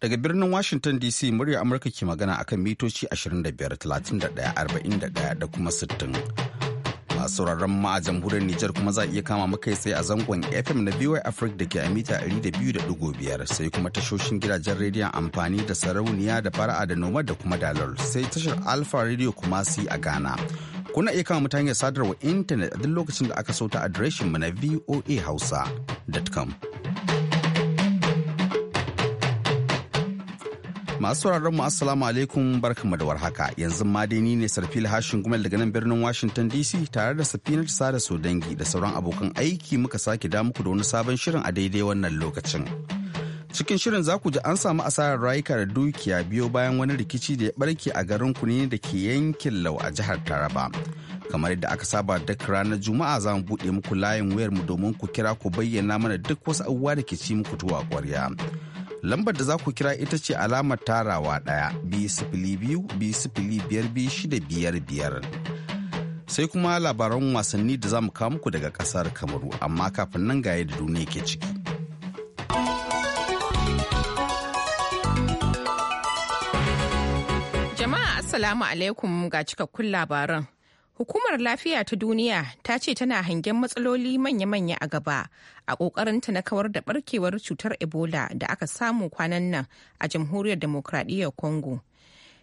Daga birnin Washington DC murya Amurka ke magana akan mitoci 25,31,41 da kuma 60. Masu sauraron ma a jamhuriyar Nijar kuma za a iya kama makai tsaye a zangon FM na BY Africa da ke a mita 200.5 sai kuma tashoshin gidajen rediyon amfani da sarauniya da fara'a da noma da kuma dalar sai tashar Alpha Radio kuma si a Ghana. Kuna iya kama mutane sadarwa intanet a duk lokacin da aka sauta adireshinmu na voahausa.com. Masu sauraron mu assalamu alaikum barkamu da warhaka yanzu ma dai ni ne sarfil hashin gumel daga nan birnin Washington DC tare da safinar sada dangi da sauran abokan aiki muka sake da muku da wani sabon shirin a daidai wannan lokacin. Cikin shirin za ku ji an samu asarar rayuka da dukiya biyo bayan wani rikici da ya barke a garin Kune da ke yankin Lau a jihar Taraba. kamar yadda aka saba duk ranar juma'a za mu buɗe muku layin wayar mu domin ku kira ku bayyana mana duk wasu abubuwa da ke ci muku tuwa ƙwarya Lambar da za ku kira ita ce alamar tarawa ɗaya biyar Sai kuma labaran wasanni da za mu kawo muku daga ƙasar Kamaru amma kafin nan ga da duniya ke ciki. Jama'a Assalamu alaikum ga cikakkun labaran. Hukumar Lafiya ta Duniya ta ce tana hangen matsaloli manya-manya a gaba a ƙoƙarinta na kawar da barkewar cutar Ebola da aka samu kwanan nan a Jamhuriyar Demokradiyyar Congo.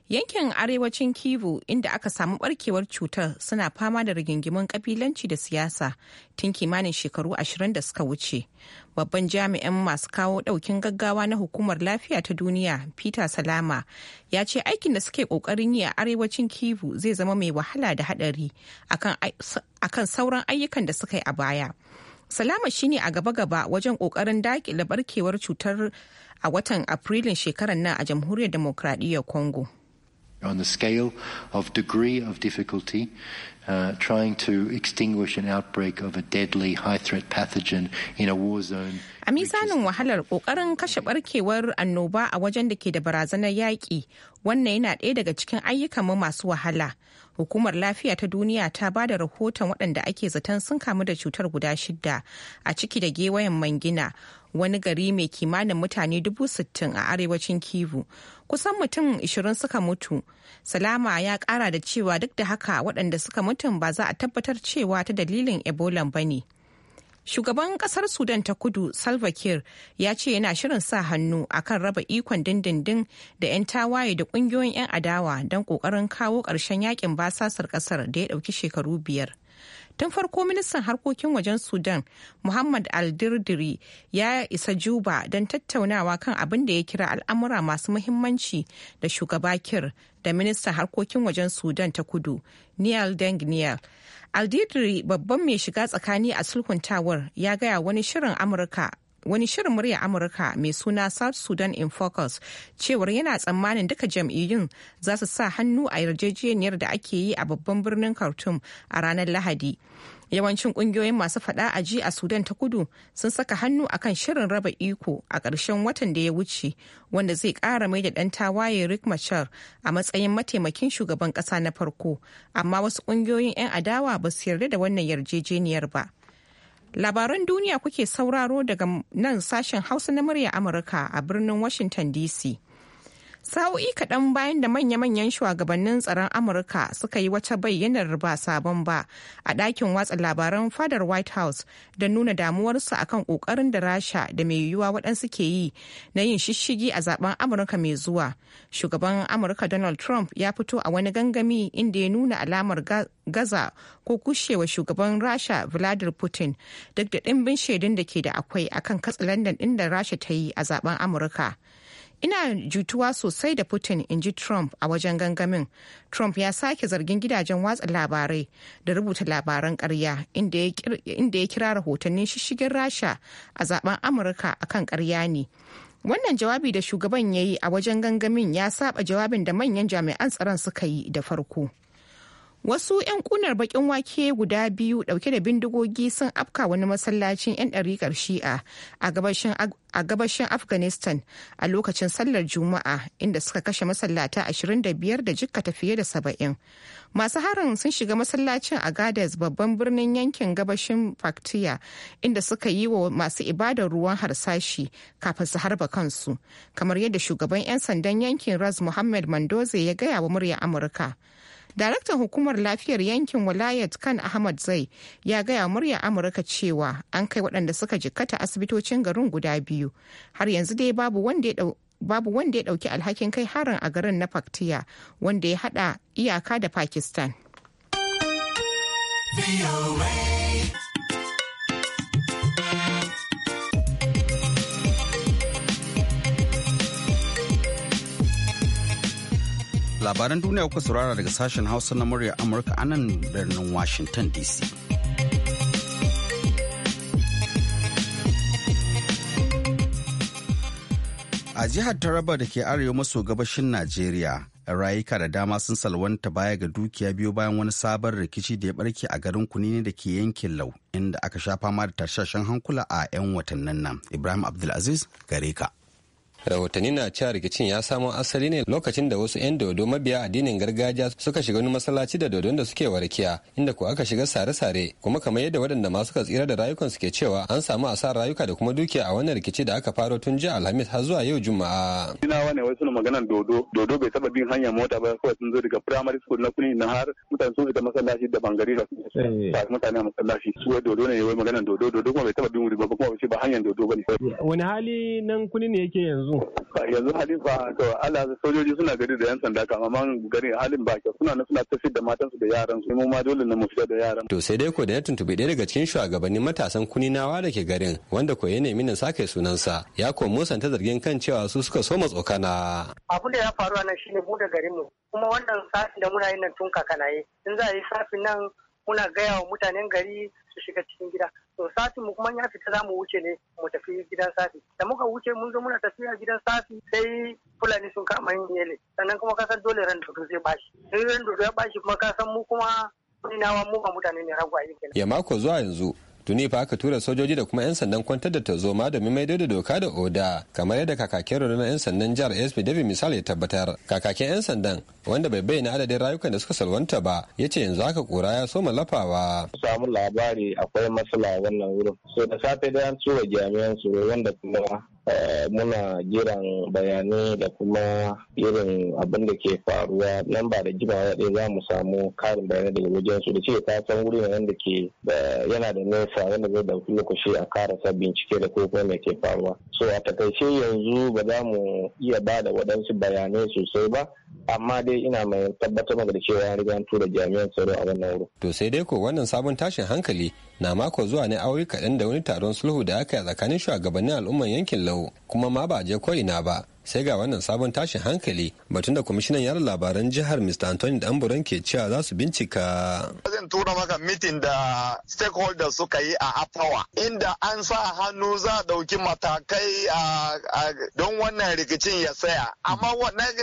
yankin arewacin kivu inda aka samu barkewar cutar suna fama da rigingimun kabilanci da siyasa tun kimanin shekaru ashirin da suka wuce babban jami'in masu kawo daukin gaggawa na hukumar lafiya ta duniya peter salama ya ce aikin da suke kokarin yi a arewacin kivu zai zama mai wahala da hadari akan sauran ayyukan da suka yi a baya salama shine a gaba-gaba wajen kokarin dakile barkewar cutar a watan afrilun shekarar nan a jamhuriyar demokradiyyar congo on the scale of degree of difficulty, uh, trying to extinguish an outbreak of a deadly high threat pathogen in a war zone. A misalin wahalar kashe annoba a wajen da ke da barazanar yaƙi, wannan yana ɗaya daga cikin ayyukanmu masu wahala. hukumar lafiya ta duniya ta ba da rahoton waɗanda ake zaton sun kamu da cutar guda shida a ciki da gewayen mangina wani gari mai kimanin mutane dubu sittin a arewacin kivu kusan mutum ishirin suka mutu salama ya kara da cewa duk da haka waɗanda suka mutum ba za a tabbatar cewa ta dalilin ebola ba ne Shugaban kasar Sudan ta kudu Salva Kiir ya ce yana shirin sa hannu akan raba ikon dindindin da 'yan tawaye da kungiyoyin 'yan adawa don kokarin kawo ƙarshen yakin basasar kasar da ya ɗauki shekaru biyar. tun farko ministan harkokin wajen sudan muhammad aldirdiri ya isa juba don tattaunawa kan abin da ya kira al'amura masu muhimmanci da shugaba kir da ministan harkokin wajen sudan ta kudu Neil deng nial aldirdiri babban mai shiga tsakani a sulhuntawar ya gaya wani shirin amurka wani shirin murya amurka mai suna south sudan in focus cewar yana tsammanin duka jam'iyyun za su sa hannu a yarjejeniyar da ake yi a babban birnin khartoum a ranar lahadi yawancin kungiyoyin masu fada a ji a sudan ta kudu sun saka hannu akan shirin raba iko a ƙarshen watan da ya wuce wanda zai ƙara mai da ɗan tawaye rick machar a matsayin mataimakin shugaban ƙasa na farko amma wasu ƙungiyoyin 'yan adawa ba su yarda da wannan yarjejeniyar ba Labaran duniya kuke sauraro daga nan sashen Hausa na murya Amurka a birnin Washington DC. sa'o'i kaɗan bayan da manya-manyan shugabannin tsaron amurka suka yi wata bayyanar ba sabon ba a ɗakin watsa labaran fadar white house da nuna damuwarsu akan ƙoƙarin da rasha da mai yiwuwa waɗansu ke yi na yin shishigi a zaben amurka mai zuwa shugaban amurka donald trump ya fito a wani gangami inda ya nuna alamar gaza ko kushewa shugaban rasha vladimir putin duk da ɗimbin shaidun da ke da akwai akan katsalandan ɗin da rasha ta yi a zaben amurka Ina jutuwa sosai da Putin in ji Trump a wajen gangamin. Trump ya sake zargin gidajen watsa labarai da rubuta labaran karya inda ya kira rahotannin shishigin Rasha a zaben Amurka akan karya ne. Wannan jawabi da shugaban ya yi a wajen gangamin ya saba jawabin da manyan jami'an tsaron suka yi da farko. Wasu 'yan kunar bakin wake guda biyu dauke da bindigogi sun afka wani masallacin 'yan ɗariƙar shi'a a gabashin Afghanistan a lokacin sallar Juma'a inda suka kashe masallata 25 da jikkata fiye da 70. Masu harin sun shiga masallacin a Gadas babban birnin yankin gabashin Faktiya inda suka yi wa masu ibadar ruwan harsashi kafin su harba kansu, kamar yadda shugaban 'yan sandan yankin Raz Muhammad Mandoze ya gaya wa murya Amurka. daraktan hukumar lafiyar yankin walayat kan ahmad zai ya gaya murya amurka cewa an kai waɗanda suka jikkata asibitocin garin guda biyu har yanzu dai babu wanda ya babu wanda ya ɗauki alhakin kai harin a garin na faktiya wanda ya hada iyaka da pakistan. labaran duniya kuka saurara daga sashen hausa na murya amurka a nan birnin washington dc a jihar taraba da ke arewa maso gabashin najeriya rayuka da dama sun salwanta baya ga dukiya biyu bayan wani sabon rikici da ya barke a garin ne da ke yankin lau inda aka sha fama da tashashen hankula a 'yan watannin nan ibrahim abdulaziz Gareka. rahotanni na cewa rikicin ya samo asali ne lokacin da wasu 'yan dodo mabiya addinin gargajiya suka shiga wani masallaci da dodon da suke warkiya inda ko aka shiga sare-sare kuma kamar yadda waɗanda masu ka tsira da rayukan suke cewa an samu asar rayuka da kuma dukiya a wannan rikici da aka faro tun jiya alhamis har zuwa yau juma'a. ina wani wasu na maganan dodo dodo bai taba bin hanyar mota ba kawai sun zo daga primary school na kuni na har mutane sun fita masallaci da bangare da eh. mutane a masallaci su wai dodo ne wai maganan dodo dodo kuma bai taba bin wuri ba kuma ba hanyar dodo ba ne. wani hali nan kuni ne yake yanzu yanzu halifa to Allah sojoji suna gari da yan sanda kamar man gari halin ba kyau suna suna tafi da matan su da yaran su mu ma dole ne mu fita da yaran to sai dai ko da na tuntube ɗaya daga cikin shugabannin matasan kuninawa da ke garin wanda ko ya nemi na sake sunansa ya ko ta zargin kan cewa su suka soma tsokana abin da ya faru a nan shine bude garin mu kuma wannan safin da muna yin nan tun kakanaye in za a yi safin nan muna gaya wa mutanen gari su shiga cikin gida to sati mu kuma ya fita za mu wuce ne mu tafi gidan safi da muka wuce mun zo muna tafiya gidan safi sai fulani sun kama yin yele sannan kuma kasan dole ran dodo zai bashi sai ran dodo ya bashi kuma kasan mu kuma nawa mu ba mutane ne ragwaye kenan ya mako zuwa yanzu tuni fa aka tura sojoji da kuma 'yan sandan kwantar da tarzoma domin maido da doka da oda kamar yadda kakakin rundunar 'yan sandan jihar sp david misali ya tabbatar kakakin 'yan sandan wanda bai bayyana adadin rayukan da suka salwanta ba ya ce yanzu haka kura ya soma lafawa. samu labari akwai matsala wannan wurin so da safe da an tura jami'an tsoro wanda kuma Eh, muna jiran bayanai da kuma irin abin da ke faruwa nan ba da jimawa ɗaya za mu samu karin bayanai daga wajen su da ce ta san wuri nan da ke yana da nesa wanda zai dauki lokaci a karasa bincike da ko kuma ke faruwa so a takaice yanzu ba za mu iya ba da waɗansu bayanai sosai ba amma dai ina mai tabbatar da cewa an riga an tura jami'an tsaro a wannan wurin. To sai dai ko wannan sabon tashin hankali na mako zuwa ne aure kaɗan da wani taron sulhu da aka yi tsakanin shugabannin al'umman yankin lau kuma ma ba je ko ina ba sai ga wannan sabon tashin hankali batun da kwamishinan yara labaran jihar mr anthony damburan ke cewa za su bincika zan tura maka mitin da stakeholders suka yi a afawa inda an sa hannu za a dauki matakai don wannan rikicin ya saya amma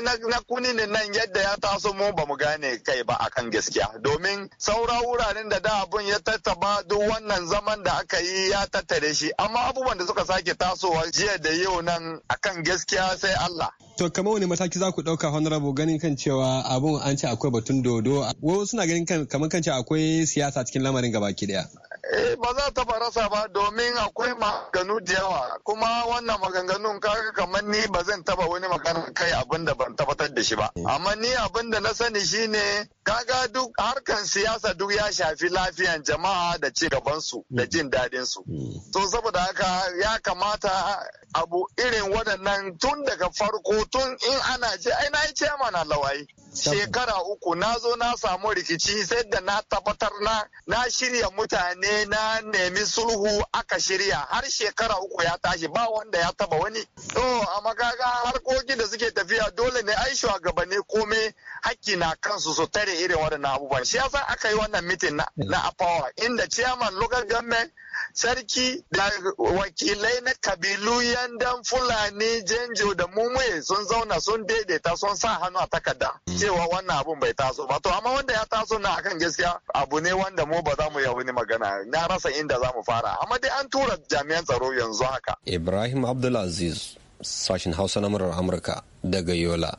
na kuni ne nan yadda ya taso mu ba mu gane kai ba akan gaskiya domin saura wuraren da da abun ya tattaba duk wannan zaman da aka yi ya tattare shi amma abubuwan da suka sake tasowa jiya da yau nan akan gaskiya sai sai Allah. To kamar wani mataki za ku ɗauka honorable ganin kan cewa abun an ce akwai batun dodo wasu suna ganin kamar kan cewa akwai siyasa cikin lamarin gabaki daya. Eh ba za ta sa ba domin akwai maganganu da yawa kuma wannan maganganun kaga kamar ni ba zan taba wani magana kai abin ban tabbatar da shi ba. Amma ni abin da na sani shine kaga duk harkan siyasa duk ya shafi lafiyan jama'a da ci gabansu da hmm. jin daɗinsu. Hmm. To saboda haka ya kamata abu irin waɗannan tun daga daga farko tun in ana ce, ai na yi cema na lawayi shekara uku na zo na samu rikici sai da na tabbatar na na shirya mutane na nemi sulhu aka shirya har shekara uku ya tashi ba wanda ya taba wani to amma kaga harkokin da suke tafiya dole ne ai shugabanni komai haƙƙi na kansu su tare irin waɗannan abubuwan shi yasa aka yi wannan mitin na, a inda chairman local government sarki da wakilai na kabilu yandan fulani janjo da mumuye sun zauna sun daidaita sun sa hannu a takarda cewa wannan abun bai taso ba to amma wanda ya taso na akan gaskiya abu ne wanda mu ba za mu yauni magana na rasa inda za mu fara amma dai an tura jami'an tsaro yanzu haka ibrahim abdulaziz sashin hausa na murar amurka daga yola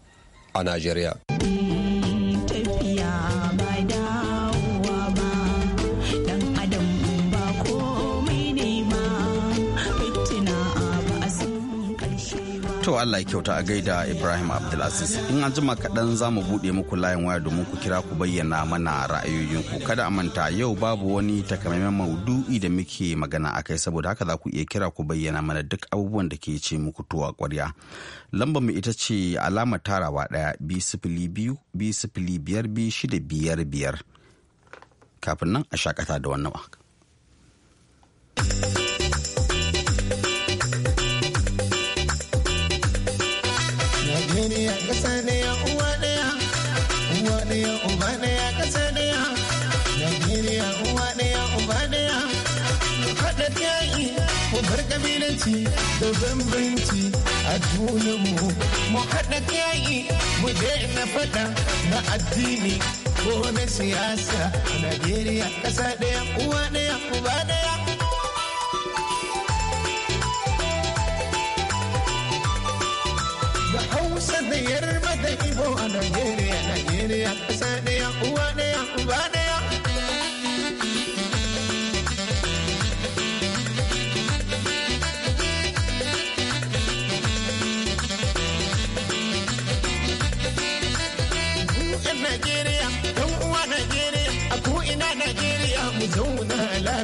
a najeriya To Allah ya kyauta a gaida Ibrahim Abdulaziz. In an jima kaɗan za mu buɗe muku layin waya domin ku kira ku bayyana mana ra'ayoyinku. Kada a manta yau babu wani takamaiman maudu'i da muke magana a kai saboda haka za ku iya kira ku bayyana mana duk abubuwan da ke ce muku tuwa ƙwarya. Lambar mu ita ce alamar tarawa ɗaya bi sifili biyu bi sifili biyar bi shida biyar biyar. Kafin nan a shakata da wannan waka. da bambanci a junanmu mu haɗa yaƙi mu daina faɗa na addini ko na siyasa a Najeriya ƙasa ɗaya uwa ɗaya uba ɗaya. Da Hausa da Yarba da Ibo a Najeriya, Najeriya ƙasa ɗaya uwa ɗaya uba ɗaya.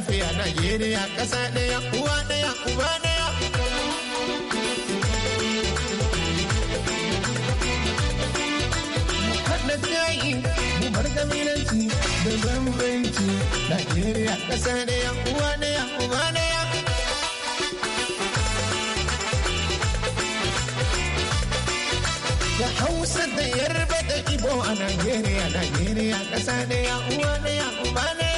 lafiya Najeriya ƙasa ɗaya uwa ɗaya uba ɗaya. mu bar kabilanci da bambanci Najeriya uwa ɗaya uba ɗaya. Da Hausa da Yarba da Ibo a Najeriya,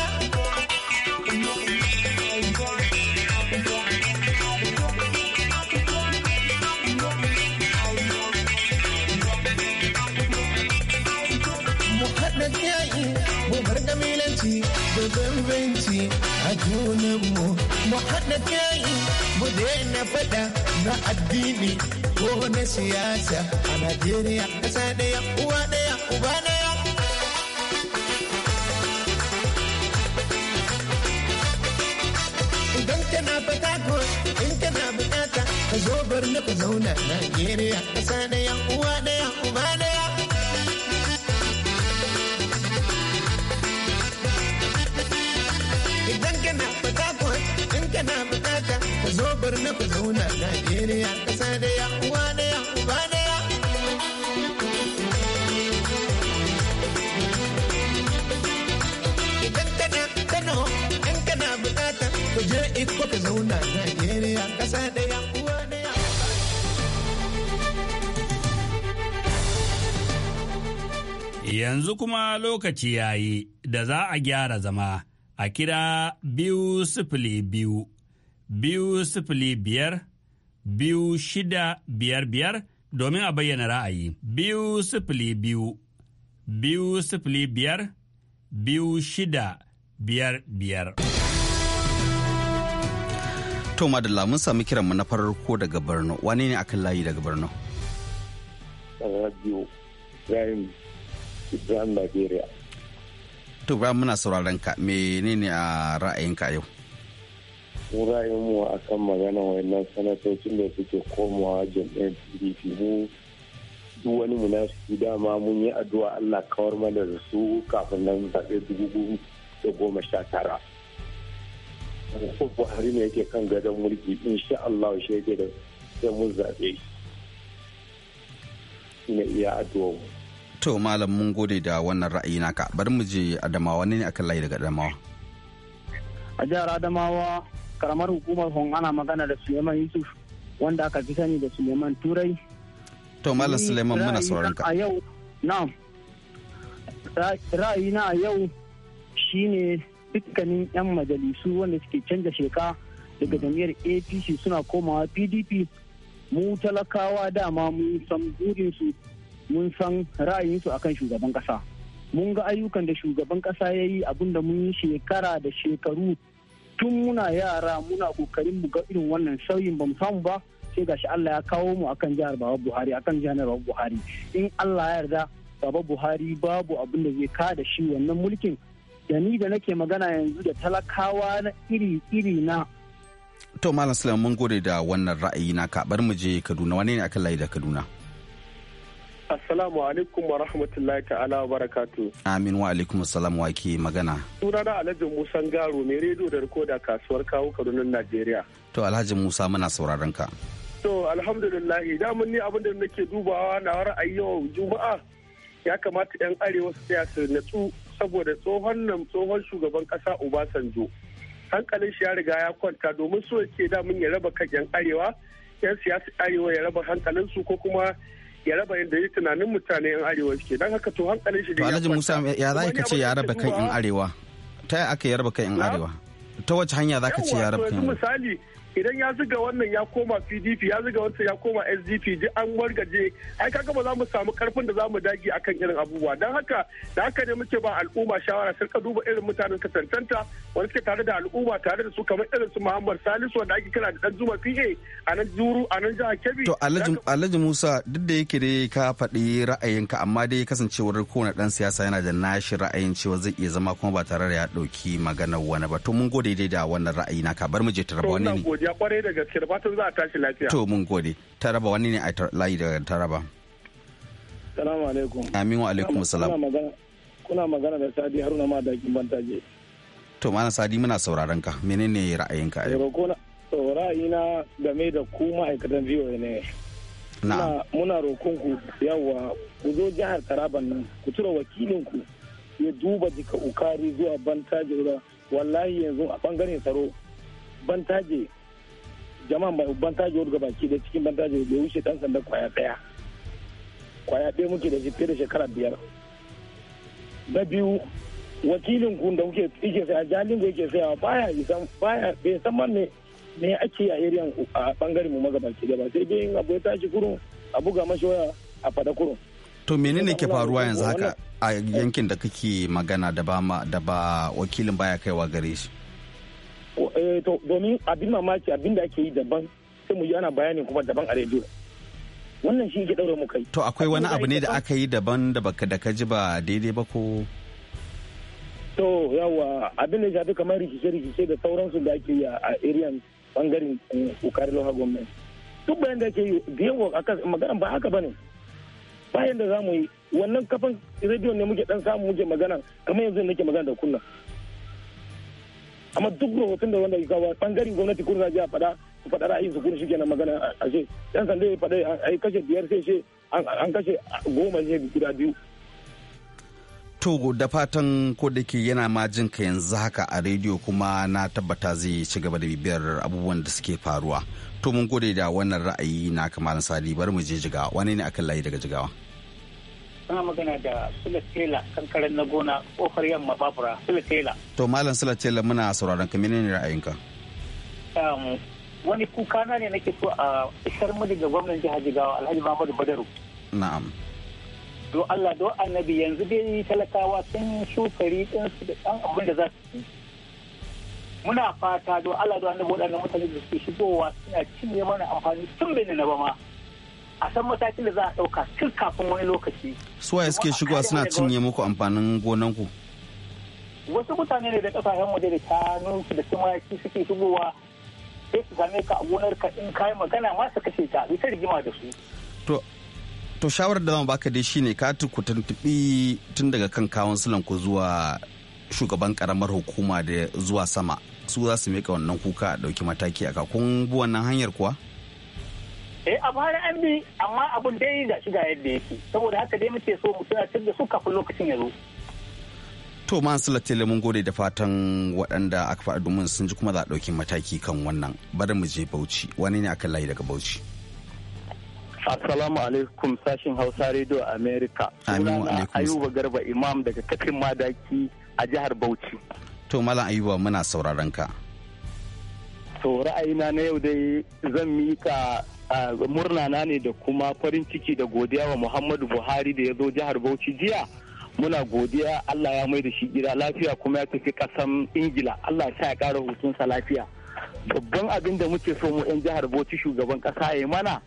yayi mu bar kabilanci da bambanci a junanmu mu haɗa kai mu daina faɗa na addini ko na siyasa a Najeriya ƙasa ɗaya uwa ɗaya uba ɗaya idan kana fata ko in kana bukata ka zo bar na ku zauna Najeriya ƙasa ɗaya uwa ɗaya uba ɗaya. ku zauna Najeriya ƙasa uwa Najeriya ƙasa Yanzu kuma lokaci yayi da za a gyara zama a kira biyu sifili biyu. biyu sifili biyar biyu shida biyar biyar domin a bayyana ra'ayi biyu sifili biyu biyu sifili biyar biyu shida biyar biyar. To madalla mun sami kiranmu na farko daga Borno wane ne akan layi daga Borno? Ibrahim Ibrahim Nigeria. tuba muna sauraron ka menene ah, a ra'ayinka yau? mu ra'ayinmu a kan magana wayannan sanatocin da suke komawa jam'iyyar pdp mu duk wani munafiki dama mun yi addu'a allah kawar mana da su kafin nan zaɓe dubu da goma sha tara ko buhari ne yake kan gadon mulki insha allah shi yake da sai mun zaɓe ne iya addu'a mu to malam mun gode da wannan ra'ayi naka bari mu je adamawa ne akan layi daga adamawa a jihar adamawa karamar hukumar hon ana magana da suleiman yusuf wanda aka fi sani da suleiman turai to malam suleiman muna sauran ka a yau ra'ayi ra'ayina a yau shine dukkanin yan majalisu wanda suke canza sheka daga jam'iyyar apc suna komawa pdp mu talakawa dama mun san burinsu mun san ra'ayinsu akan shugaban kasa mun ga ayyukan da shugaban kasa ya yi abinda mun yi shekara da shekaru tun muna yara muna kokarin mu ga irin wannan sauyin ba mu samu ba sai gashi Allah ya kawo mu akan jihar Baba Buhari akan jihar Baba Buhari in Allah ya yarda Baba Buhari babu abin da zai ka da shi wannan mulkin da ni da nake magana yanzu da talakawa na iri iri na to malam Sulaiman mun gode da wannan ra'ayi na bar mu je Kaduna wane ne akan layi da Kaduna Assalamu alaikum wa rahmatullahi ta'ala wa barakatu. Amin wa alaikum assalam wa ke magana. Sunana Alhaji Musa Garo mai rediyo da rikoda kasuwar kawo Kaduna Najeriya. To Alhaji Musa muna sauraron ka. To alhamdulillah mun ni abin da nake dubawa na ra'ayi yau Juma'a ya kamata 'yan arewa su tsaya su natsu saboda tsohon nan tsohon shugaban kasa Obasanjo. Hankalin shi ya riga ya kwanta domin so yake mun ya raba kan 'yan arewa 'yan siyasa arewa ya raba hankalin su ko kuma ya raba yadda yi tunanin mutane yan arewa suke don haka to hankalin shi da alhaji musa ya za ka ce ya raba kan yan arewa ta yaya aka yarba kan yan arewa ta wace hanya za ka ce ya raba kan arewa idan ya zuga wannan ya koma pdp ya zuga wannan ya koma sdp duk an wargaje ai kaga ba za mu samu karfin da za mu dage akan irin abubuwa don haka da haka ne muke ba al'umma shawara sai ka duba irin mutanen ka tantanta wani suke tare da al'umma tare da su kamar irin su muhammad salisu wanda ake kira da dan zuma pa a nan juru a nan jihar kebbi to alhaji musa duk da yake dai ka faɗi ra'ayinka amma dai kasancewar kowane dan siyasa yana da nashi ra'ayin cewa zai iya zama kuma ba tare da ya ɗauki maganar wani ba to mun gode dai da wannan ra'ayi na ka bar mu je tarbawa wani ne godiya kwarai da gaske da fatan za a tashi lafiya. To mun gode. Taraba wani ne a layi da Taraba. Salamu alaikum. Amin wa alaikum salam. Kuna magana da Sadi Haruna ma dakin je. To mana Sadi muna sauraron ka. Menene ra'ayinka a yau? Ra'ayina game da ku ma'aikatan biyu ne. Muna roƙon ku yawa ku zo jihar Taraban nan ku tura wakilin ku ya duba jika ukari zuwa bantaje wallahi yanzu a bangaren tsaro bantaje jama'a bantaji gaba ke da cikin bantaji bai wuce dan sanda kwaya daya kwaya daya muke da fiye da shekara biyar na biyu wakilin ku da kuke yake saya jalin da yake sayawa baya isan baya bai san ma me me ake a area a bangaren mu magaba ke da ba sai dai abu ya tashi kurun a buga mashi waya a fada kurun to menene ke faruwa yanzu haka a yankin da kake magana da ba da ba wakilin baya kaiwa gare shi Eh, to domin abin mamaki abin da ake yi daban sai mu yi ana bayani kuma daban a rediyo wannan shi ke daure mu kai to akwai wani abu ne da aka yi daban da baka da ka ji ba daidai ba ko to yawa abin da shafi kamar rikice-rikice da sauransu da ake yi a iriyan bangaren eh, ukari loha gwamnati duk bayan da ake yi da yawa magana ba haka bane bayan da za mu yi wannan kafan rediyo ne muke dan samu muke magana kamar yanzu nake magana da kunna amma duk rahoton da wanda kawo bangaren gwamnati kun zaji a fada su fada ra'ayin su kun shige na magana a ce yan sanda ya fada a kashe biyar sai ce an kashe goma ne guda biyu to da fatan ko da ke yana ma jin ka yanzu haka a rediyo kuma na tabbata zai ci gaba da bibiyar abubuwan da suke faruwa to mun gode da wannan ra'ayi na kamar sali bari mu je jigawa wani ne akan layi daga jigawa suna magana da Sula Tela kankaren na gona kofar yamma babura Sula Tela. To Malam Sula Tela muna sauraron ka menene ra'ayinka? Um, wani kuka na ne nake so a isar mudi ga gwamnan jihar Jigawa Alhaji Muhammadu Badaru. Na'am. Do Allah do annabi yanzu dai talakawa sun shukari din su da dan abin da za su yi. Muna fata do Allah do annabi wadannan mutane da suke shigowa suna cinye mana amfani tun bai na ba ma. a san matakin da za a ɗauka tun kafin wani lokaci. ya suke shigowa suna cinye muku amfanin gonanku? Wasu mutane ne da ƙasashen waje da shanunsu da tumaki suke shigowa sai su same ka a gonar ka in kayi magana ma su kashe ta bisa rigima da su. To to shawarar da zan baka dai shine ka ku tuntuɓi tun daga kan kawunsilan ku zuwa shugaban karamar hukuma da zuwa sama su za su miƙa wannan kuka a ɗauki mataki a kun bi wannan hanyar kuwa? eh a bara an bi amma abun dai ga shiga yadda yake saboda haka dai muke so mu tunatar da su kafin lokacin ya zo to ma su mun gode da fatan waɗanda aka faɗa domin sun ji kuma za a ɗauki mataki kan wannan bari mu je bauchi wani ne aka layi daga bauchi Assalamu alaikum sashin Hausa Radio America. Amin wa Ayuba Garba Imam daga Katin Madaki a jihar Bauchi. To Malam Ayuba muna sauraron ka. To ra'ayina na yau dai zan mika murna na ne da kuma farin ciki da godiya wa muhammadu buhari da ya zo jihar bauchi jiya muna godiya allah ya mai da shi gida lafiya kuma ya tafi kasan ingila allah sa ya kara hutunsa lafiya babban abin da muke so mu yan jihar bauchi shugaban kasa ya mana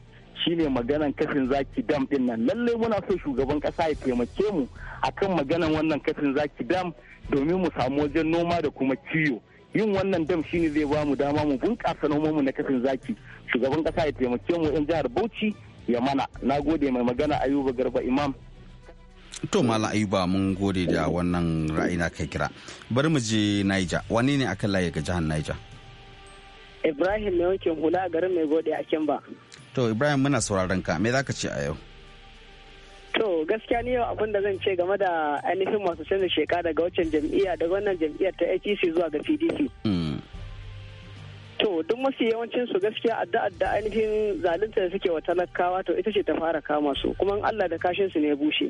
shine maganan kafin zaki dam din nan lalle muna so shugaban kasa ya taimake mu akan maganan wannan kafin zaki dam domin mu samu wajen noma da kuma kiwo yin wannan dam shine zai ba mu dama mu bunƙasa noman mu na kafin zaki shugaban kasa ya taimake mu yan jihar bauchi ya mana na gode mai magana ayuba garba imam to malam ayuba mun gode da wannan ra'ayi na kai kira bari mu je niger wani ne akan layi ga jihar niger ibrahim mai wankin hula a garin mai gode a kimba to ibrahim muna sauraron ka me zaka ce a yau To gaskiya ni yau abin da zan ce game da ainihin masu canza sheka daga wancan jam'iyya daga wannan jam'iyyar ta APC zuwa ga PDP. To duk mafi yawancin su gaskiya addu'ar da ainihin zalunta da suke wa talakawa to ita ce ta fara kama su kuma Allah da kashin su ne bushe.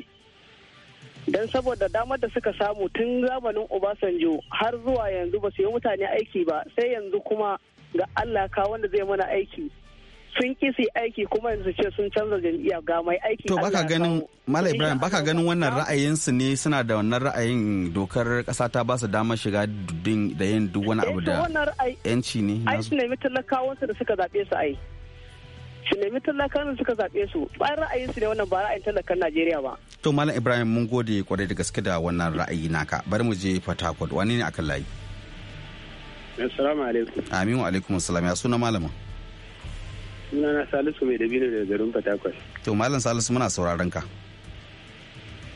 Dan saboda damar da suka samu tun zamanin Obasanjo har zuwa yanzu ba su yi mutane aiki ba sai yanzu kuma ga Allah ka wanda zai mana aiki sun ki su aiki kuma yanzu ce sun canza jam'iyya ga mai aiki to baka ganin Malam Ibrahim baka ganin wannan ra'ayinsu ne suna da wannan ra'ayin dokar kasa ta ba su damar shiga din da yin duk wani abu eh, da yanci ne ai su nemi su da suka zaɓe su ai su nemi talakan suka zaɓe su bayan ra'ayin su ne wannan ba ra'ayin talakan Najeriya ba to Malam Ibrahim mun gode kwarai da gaske da wannan ra'ayi naka bari mu je Fatakwal wani ne akan layi Assalamu alaikum. Amin wa alaikum assalam ya suna malama. sunana salisu mai dabino daga garin fatakwal to malam salisu muna sauraron ka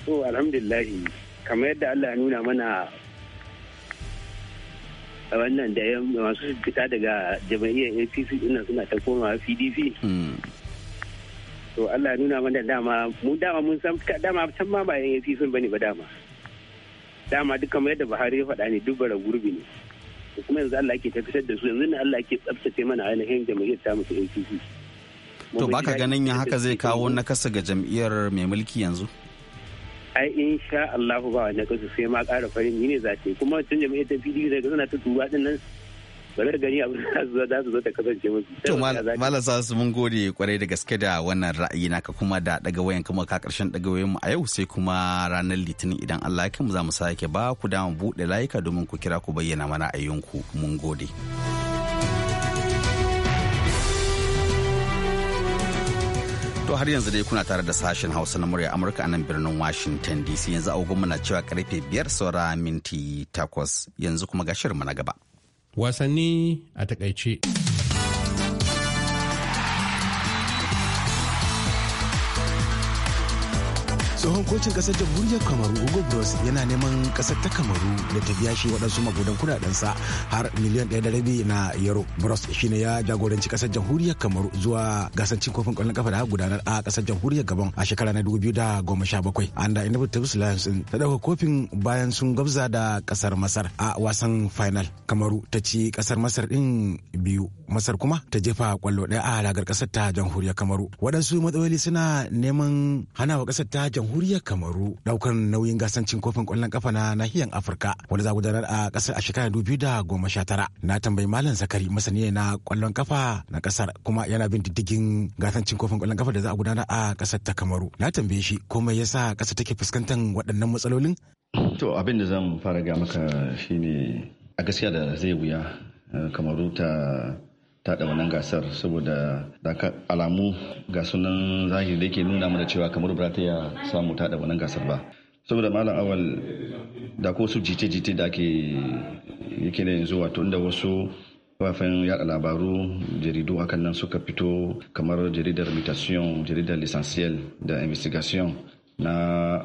to alhamdulillahi kamar yadda allah ya nuna mana a wannan da masu fita daga jama'iyyar apc ina suna ta koma pdp hmm. to allah ya nuna mana dama mu dama mun san dama can ma ba yan apc bane ba dama dama duk kamar yadda buhari ya faɗa ne duk gurbi ne kuma yanzu Allah ke tafisar da su yanzu ne Allah ke tsabtace mana ainihin jam'iyyar ta musu APC. To baka ganin ya haka zai kawo nakasa ga jam'iyyar mai mulki yanzu? ai in sha Allahu ba wani kasu sai ma kara farin ni ne za ta yi kuma wancan jam'iyyar ta PDP daga zana ta tuba ɗin nan banar gani abin za su zo ta kasance musu. To za su mun gode kwarai da gaske da wannan ra'ayi naka kuma da daga wayan kuma ka karshen daga wayan mu a yau sai kuma ranar litinin idan Allah ya mu za mu sake ba ku dama buɗe layuka domin ku kira ku bayyana mana ayyunku mun gode. To har yanzu dai kuna tare da sashen Hausa na murya Amurka a nan birnin Washington DC yanzu a na cewa karfe biyar saura minti takwas yanzu kuma gashir mu na gaba. wasanni a takaice. tsohon kocin kasar jamhuriyar kamaru hugo bros yana neman kasar ta kamaru da ta biya shi waɗansu magudan kudadensa har miliyan ɗaya da rabi na yaro bros shine ya jagoranci kasar jamhuriyar kamaru zuwa gasar cin kofin ƙwallon kafa da aka gudanar a kasar jamhuriyar gabon a shekara na dubu biyu da goma sha bakwai an da inabitavis lions ta ɗauka kofin bayan sun gabza da kasar masar a wasan final kamaru ta ci kasar masar ɗin biyu masar kuma ta jefa kwallo ɗaya a ragar kasar ta jamhuriyar kamaru waɗansu matsaloli suna neman hana wa kasar ta jamhuriyar jamhuriyar kamaru daukar nauyin gasancin kofin kwallon kafa na nahiyar afirka wanda za gudanar a kasar a shekarar dubu da goma sha tara na tambayi malam zakari masani na kwallon kafa na kasar kuma yana bin diddigin gasancin kofin kwallon kafa da za a gudanar a kasar ta kamaru na tambaye shi ko mai yasa kasa take fuskantar waɗannan matsalolin to abin da zan fara ga maka shine a gaskiya da zai wuya eh, kamaru ta tada wannan gasar saboda daga alamu ga sunan zahiri da ke nuna mana cewa kamar ba ta samu tada wannan gasar ba saboda malam awal da ko su jite-jite da ke yake da yanzu wato inda wasu kafafen yada labaru jaridu hakan nan suka fito kamar jaridar mutation jaridar lisansiyel da investigation na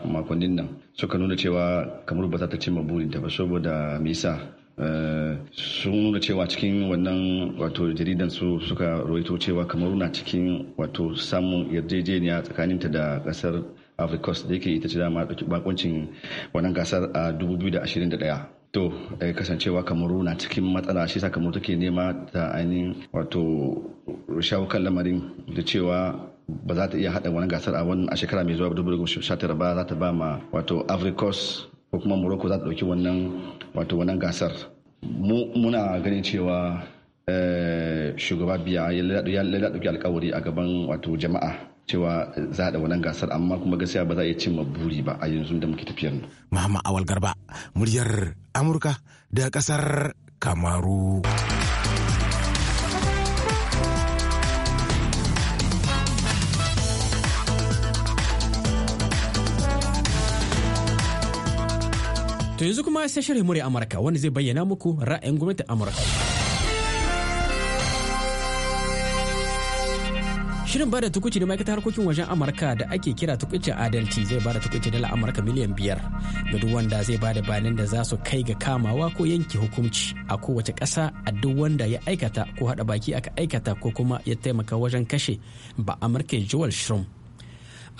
makonnin nan suka nuna cewa kamar ba ta cimma burinta ba saboda misa Eh, sun nuna cewa cikin wannan wato jaridan su suka rawaito cewa kamaru na cikin wato samun yarjejeniya tsakaninta da kasar Afrikos da yake ita ce dama bakuncin wannan gasar a 2021 to eh, kasancewa kamaru na cikin matsala shi sa kamaru take nema ta ainihin wato shawo kan lamarin da cewa ba za ta iya haɗa wani gasar a wannan a shekara mai zuwa 2019 ba za ta ba ma wato Afrikos. ko kuma morocco za ta ɗauki wannan wato wannan gasar muna ganin cewa eh, shugaba biya ya ɗauki alkawari a gaban wato jama'a cewa za a wannan gasar amma kuma gaskiya ba za a iya cimma buri ba a yanzu da muke tafiyar nan. Muhammad Awal Garba, muryar Amurka da kasar Kamaru. To yanzu kuma sai shirin murya Amurka wanda zai bayyana muku ra'ayin gwamnatin Amurka. Shirin bada tukuci da ma'aikatar harkokin wajen Amurka da ake kira tukuci adalci zai bada tukuci dala Amurka miliyan biyar ga duk wanda zai bada bayanan da za su kai ga kamawa ko yanke hukunci a kowace ƙasa a duk wanda ya aikata ko hada baki aka aikata ko kuma ya taimaka wajen kashe ba Amurka Joel Shrum.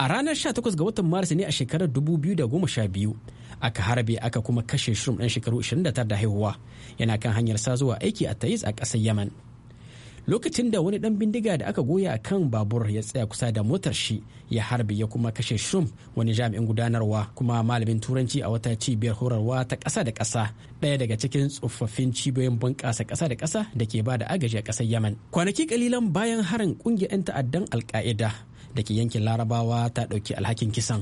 A ranar 18 ga watan Maris ne a shekarar 2012 aka harbe aka kuma kashe shirum ɗan shekaru 29 da haihuwa yana kan hanyar sa zuwa aiki a tais a ƙasar yaman lokacin da wani ɗan bindiga da aka goya a kan babur ya tsaya kusa da motar shi ya harbe ya kuma kashe shirum wani jami'in gudanarwa kuma malamin turanci a wata cibiyar horarwa ta ƙasa da ƙasa ɗaya daga cikin tsofaffin cibiyoyin bunƙasa ƙasa da ƙasa da ke ba da agaji a ƙasar yaman kwanaki kalilan bayan harin ƙungiyar 'yan ta'addan alka'ida da ke yankin larabawa ta ɗauki alhakin kisan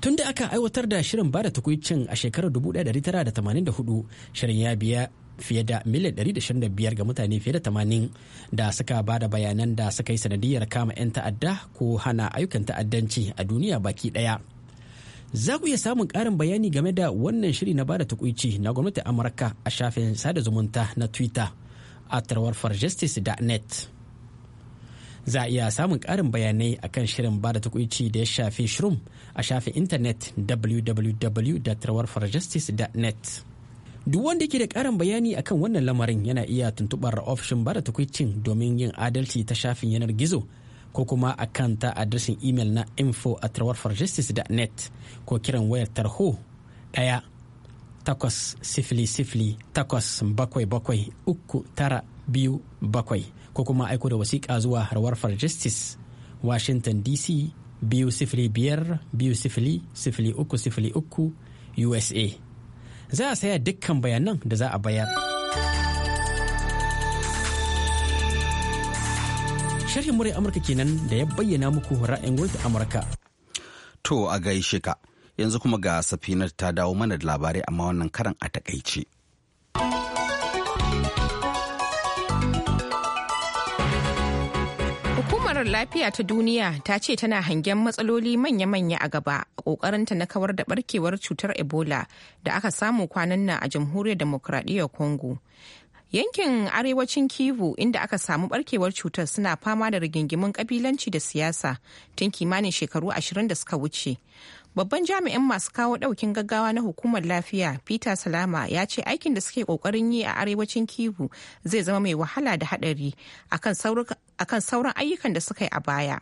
tun da aka aiwatar da shirin bada tukuicin a shekarar 1984 shirin ya biya fiye da miliyan 125 ga mutane fiye da 80 da suka ba da bayanan da suka yi sanadiyar kama 'yan ta'adda ko hana ayyukan ta'addanci a duniya baki daya za ku iya samun ƙarin bayani game da wannan shiri na bada tukuici na gwamnatin amurka a shafin sada zumunta na twitter a Justice.net. za a iya samun ƙarin bayanai akan shirin bada tukuici da ya shafi shroom a shafin intanet www.rawarforjustice.net duk wanda ke da ƙarin bayani akan wannan lamarin yana iya tuntubar ofishin bada tukuicin domin yin adalci ta shafin yanar gizo ko kuma a kan ta adresin imel na info at rawarforjustice.net ko kiran wayar tarho ɗaya takwas sifili sifili takwas bakwai bakwai uku tara biyu bakwai ko kuma aiko da wasiƙa zuwa harwarfar justice washington dc biyu sifili biyar biyu sifili sifili uku sifili uku usa za a saya dukkan bayanan da za a bayar sharhin murai amurka kenan da ya bayyana muku ra'ayin gwamnati amurka to a gaishe ka yanzu kuma ga safinar ta dawo mana da labarai amma wannan karan a takaice Hukumar Lafiya ta Duniya ta ce tana hangen matsaloli manya-manya a gaba a kokarinta na kawar da barkewar cutar Ebola da aka samu kwanan nan a Jamhuriyar demokradiyyar Congo. Yankin arewacin Kivu inda aka samu barkewar cutar suna fama da rigingimin kabilanci da siyasa tun kimanin shekaru ashirin da suka wuce. Babban jami'in masu kawo daukin gaggawa na hukumar lafiya Peter Salama ya ce aikin da suke kokarin yi a arewacin Kivu zai zama mai wahala da hadari akan sauran ayyukan da suka yi a baya.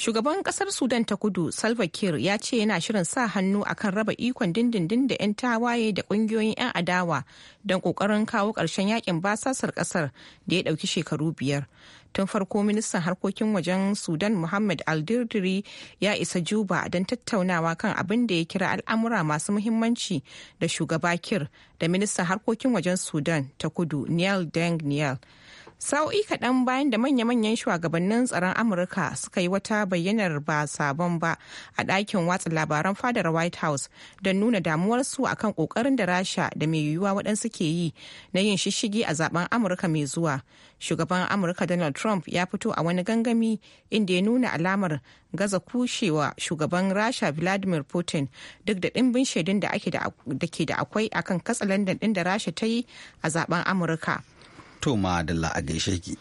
Shugaban kasar Sudan ta kudu Salva Kiir ya ce yana shirin sa hannu akan raba ikon dindindin da 'yan tawaye da kungiyoyin 'yan adawa don kokarin kawo karshen yakin basasar kasar da ya dauki shekaru biyar. Tun farko ministan harkokin wajen Sudan Muhammad Aldirdiri ya isa Juba don tattaunawa kan abin da ya kira al'amura masu muhimmanci da shugaba Kiir da ministan harkokin wajen Sudan ta kudu Niel Deng Niel. Sau'i kaɗan bayan da manya-manyan shugabannin tsaron Amurka suka yi wata bayyanar ba sabon ba a ɗakin watsa labaran fadar White House don nuna damuwarsu akan ƙoƙarin da Rasha da mai yiwuwa waɗansu ke yi na yin shishigi a zaben Amurka mai zuwa. Shugaban Amurka Donald Trump ya fito a wani gangami inda ya nuna alamar gaza kushewa shugaban Rasha Vladimir Putin duk da ɗimbin shaidun da ke da akwai akan katsalandan ɗin da Rasha ta yi a zaben Amurka. To da a gaishe ki.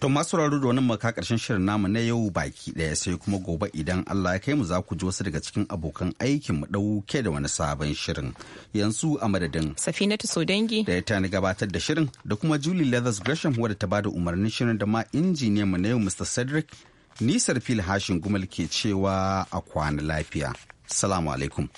To masu da wannan maka karshen shirin namu na yau baki ɗaya sai kuma gobe idan Allah ya kai mu za ku ji wasu daga cikin abokan aikin mu ɗauke da wani sabon shirin. Yanzu a madadin. Safinatu Sodangi. Da ya tani gabatar da shirin da kuma Julie Leathers Gresham wadda ta bada umarnin shirin da ma injiniyan mu na yau Mr. Cedric. Nisar fil hashin gumal ke cewa a kwana lafiya. Salamu alaikum.